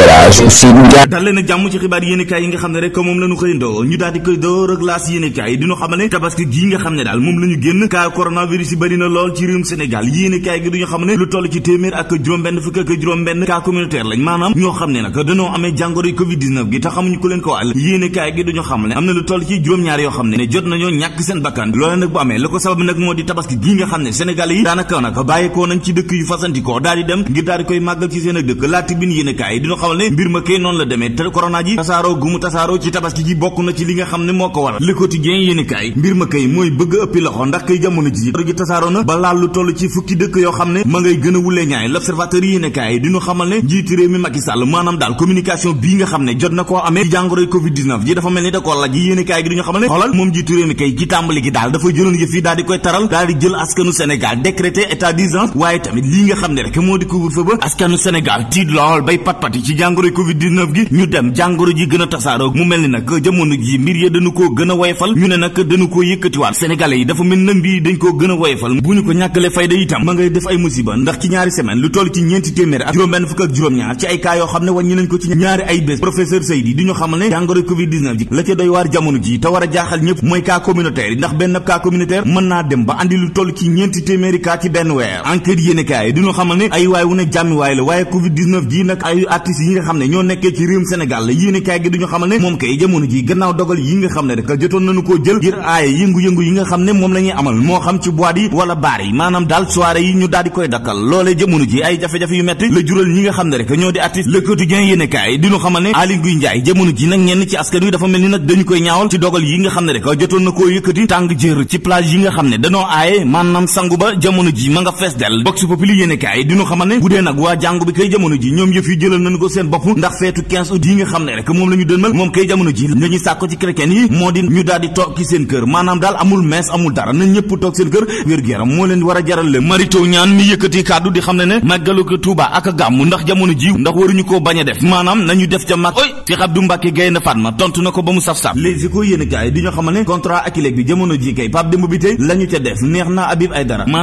Elhadj dal leen ak jàmm ci xibaar yéenekaay yi nga xam ne rek moom la ñu ñu daal koy door ak laas yéenekaay yi diñu xamal ne tabaski gii nga xam ne daal nag dañoo amee nañ ci dëkk yu fasantikoo daal dem ngir daal koy màggal ci seen ak dëkk laa tibin yéenekaay yi xamal ne mbir ma kay noonu la demee te corona ji tasaaroo gumu tasaaroo ci tabaski ji bokk na ci li nga xam ne moo ko waral le quotidien yéen kaay mbir ma kay mooy bëgg ëppi loxo ndax kay jamono ji covid ji dafa mel ni da koo laaj yéen kaay gi duñu xamal ne xoolal moom njiitu réew mi kay ci tàmbali gi daal dafa jëloon yëf yi daal di koy taral daal di jël askanu Sénégal décrété état d'urgence waaye tamit lii nga xam ne rek moo di couvre-feu ba askanu Sénégal tiit lool ci jàngoro covid 19 gi ñu dem jàngoro ji gën a tasaaroo mu mel ni nag jamono ji mbir ya dañu koo gën a woyefal ñu ne nag dañu koo yëkkatiwaat sénégalais yi dafa mel nag mbir yi dañ koo gën a bu ñu ko ñàkkale fayda itam ma ngay def ay musiba ndax ci ñaari semaine lu toll ci ñeenti téeméer ak juróom-benn fukk ak juróom-ñaar ci ay cas yoo xam ne wàññi nañ ko ci ñaari ay bés professeur Seydi di ñu xamal ne jàngoro covid 19 la ca doy waar jamono yi nga xam ne ñoo nekkee ci réewum Sénégal yéenekaay gi duñu xamal ne moom kay jamono ji gannaaw dogal yi nga xam ne rek jotoon nañu koo jël ngir aaye yëngu-yëngu yi nga xam ne moom la maanaam daal soirée jamono ji ay jafe-jafe yu metti la jural ñi nga ne rek ñoo di artiste Le jamono ji nag nga xam ne rek jotoon na koo yëkkati ne dañoo aaye maanaam sangu ba jamono ji ma nga fees del box populi yéenekaay diñu xamal seen bopp ndax feetu 15 août yi nga xam ne rek moom la ñu moom kay jamono ji la ñuy sàkko ci chrétien yi moo di ñu daal toog ci seen kër maanaam daal amul mees amul dara a jaral le maanaam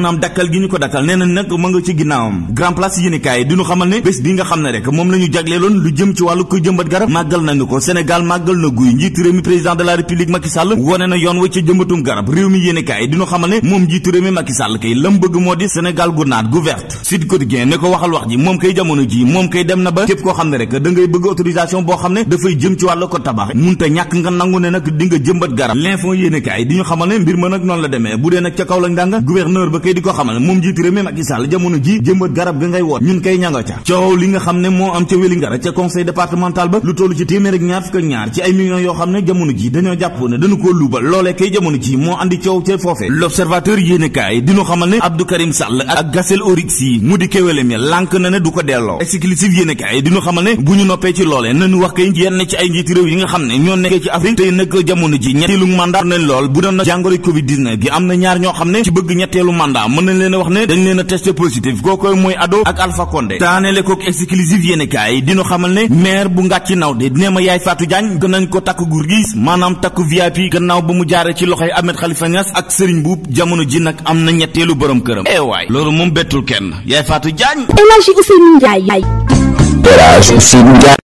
nañu ji ñu ko dakkal nee na nag ma nga ci ginnaawam grand place yéen kaay ñu xamal ne bés bi nga xam ne rek moom lañu jagleeloon lu jëm ci wàllu ko jëmbat garab màggal nañu ko Sénégal màggal na guy njiitu réew mi président de la république Macky wone na yoon wa ca jëmbatum garab réew mi yéene kaay diñu xamal ne moom njiitu réew mi Macky ko waxal wax ji moom ñàkk nga nangu ne nag di nga garab l'info yéene kaay xamal ne mbir ma nag noonu la demee bu dee nag ca kaw la ndànga gouverneur ba kay di ko xamal moom njiitu réew mi Macky Sall jamono ji Wélingara ca conseil départemental ba lu tollu ci téeméer ak ñaar fukk ak ñaar ci ay millions yoo xam ne jamono ji dañoo jàpp ne dañu koo luubal loolee kay jamono ji moo andi coow yi mu na ne du ko delloo exclusif yéenekaay dinu xamal ne bu ñu noppee ci loolee nañu wax kay yenn ci ay njiiti réew yi nga xam ne ñoo nekkee ci Afrique tey nag jamono ji ñetteelu mandat nañ lool bu doon jàngoro covid 19 gi am na ñaar ñoo xam ne ci bëgg ñetteelu mandat a kaay dinu xamal ne maire bu ngàcci naw de nee ma yaay Fatou Diagne gën nañ ko takk gur gis maanaam takku VIP gannaaw ba mu jaaree ci loxo Ahmed Khalifa Niass ak Serigne Boub jamono ji nag am na ñetteelu borom këram eh loolu moom bettul kenn yaay Fatou Diagne El Hadji Ousseynou Ndiaye